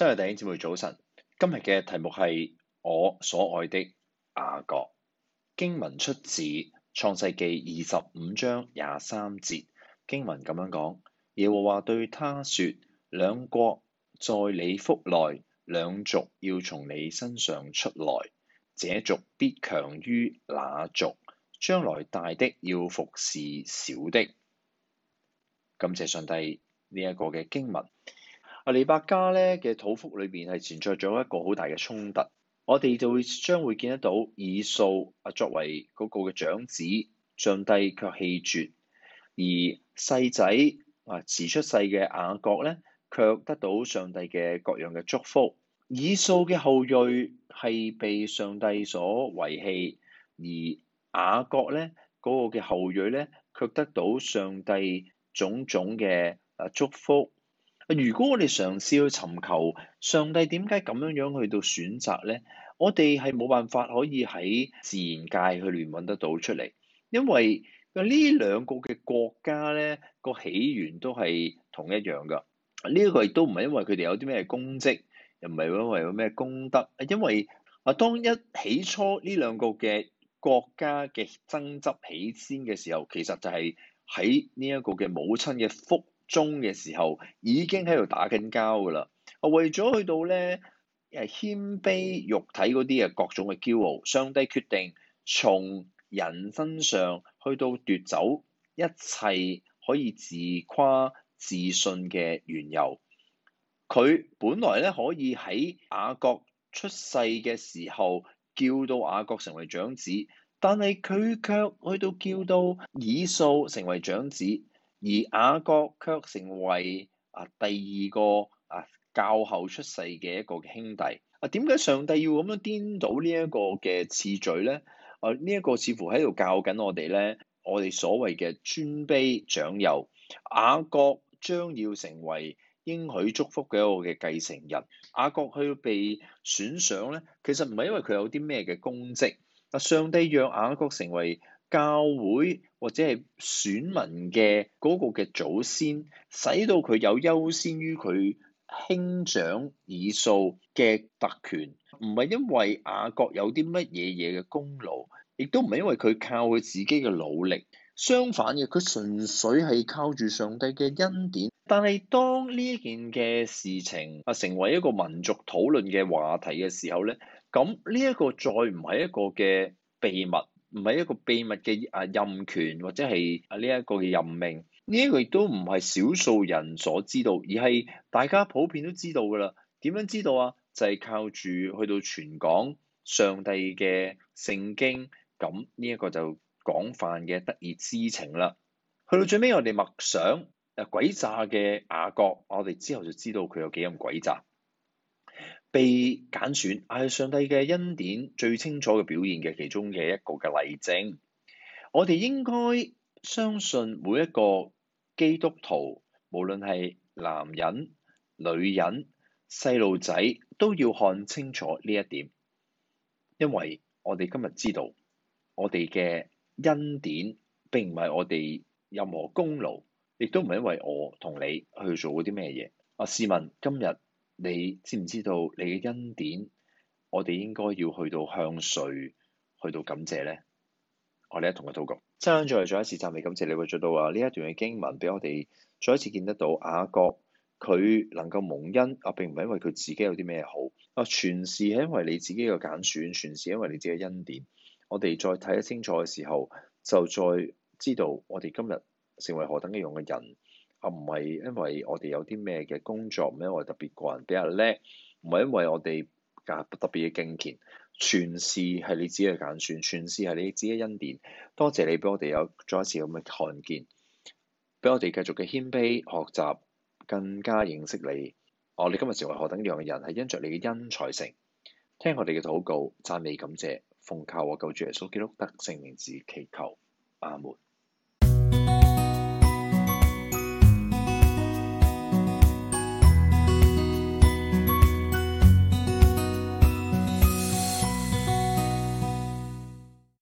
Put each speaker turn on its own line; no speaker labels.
真係弟兄姊妹早晨，今日嘅題目係我所愛的雅各，經文出自創世記二十五章廿三節，經文咁樣講：耶和華對他說，兩國在你腹內，兩族要從你身上出來，這族必強於那族，將來大的要服侍小的。感謝上帝呢一個嘅經文。利百家咧嘅肚腹裏邊係存在咗一個好大嘅衝突，我哋就會將會見得到以掃啊作為嗰個嘅長子，上帝卻棄絕；而細仔啊遲出世嘅雅各咧，卻得到上帝嘅各樣嘅祝福。以掃嘅後裔係被上帝所遺棄，而雅各咧嗰個嘅後裔咧卻得到上帝種種嘅啊祝福。如果我哋嘗試去尋求上帝點解咁樣樣去到選擇咧，我哋係冇辦法可以喺自然界去聯揾得到出嚟，因為呢兩個嘅國家咧，個起源都係同一樣噶。呢一個亦都唔係因為佢哋有啲咩功績，又唔係因為有咩功德。啊，因為啊當一起初呢兩個嘅國家嘅爭執起先嘅時候，其實就係喺呢一個嘅母親嘅腹中嘅時候已經喺度打緊交㗎啦！啊，為咗去到咧，誒謙卑肉體嗰啲，啊各種嘅驕傲，上帝決定從人身上去到奪走一切可以自誇自信嘅緣由。佢本來咧，可以喺雅各出世嘅時候叫到雅各成為長子，但係佢卻去到叫到以掃成為長子，而雅各卻成為啊第二個啊較後出世嘅一個兄弟啊，點解上帝要咁樣顛倒呢一個嘅次序咧？啊，呢一個似乎喺度教緊我哋咧，我哋所謂嘅尊卑長幼，雅各將要成為應許祝福嘅一個嘅繼承人。雅各佢被選上咧，其實唔係因為佢有啲咩嘅功績，啊上帝讓雅各成為教會或者係選民嘅嗰個嘅祖先，使到佢有優先於佢兄長以掃嘅特權，唔係因為雅各有啲乜嘢嘢嘅功勞，亦都唔係因為佢靠佢自己嘅努力，相反嘅佢純粹係靠住上帝嘅恩典。但係當呢一件嘅事情啊成為一個民族討論嘅話題嘅時候咧，咁呢個一個再唔係一個嘅秘密。唔係一個秘密嘅啊任權或者係啊，呢一個嘅任命，呢、這、一個亦都唔係少數人所知道，而係大家普遍都知道噶啦。點樣知道啊？就係、是、靠住去到全港上帝嘅聖經，咁呢一個就廣泛嘅得以知情啦。去到最尾，我哋默想啊詭詐嘅雅各，我哋之後就知道佢有幾咁詭詐。被揀選係上帝嘅恩典最清楚嘅表現嘅其中嘅一個嘅例證。我哋應該相信每一個基督徒，無論係男人、女人、細路仔，都要看清楚呢一點，因為我哋今日知道我哋嘅恩典並唔係我哋任何功勞，亦都唔係因為我同你去做過啲咩嘢。啊，試問今日？你知唔知道你嘅恩典，我哋應該要去到向誰去到感謝咧？我哋一同嘅禱告，真再再一次讚美感謝你會做到啊！呢一段嘅經文俾我哋再一次見得到雅各，佢能夠蒙恩啊，並唔係因為佢自己有啲咩好啊，全是係因為你自己嘅揀選，全是因為你自己嘅恩典。我哋再睇得清楚嘅時候，就再知道我哋今日成為何等嘅樣嘅人。啊，唔係因為我哋有啲咩嘅工作，咩我特別個人比較叻，唔係因為我哋特別嘅敬虔，全是係你自己嘅揀選，全是係你自己嘅恩典。多謝你俾我哋有再一次咁嘅看見，俾我哋繼續嘅謙卑學習，更加認識你。哦，你今日成為何等樣嘅人，係因着你嘅恩才成。聽我哋嘅禱告，讚美感謝，奉靠我救主耶穌基督得勝名字祈求，阿門。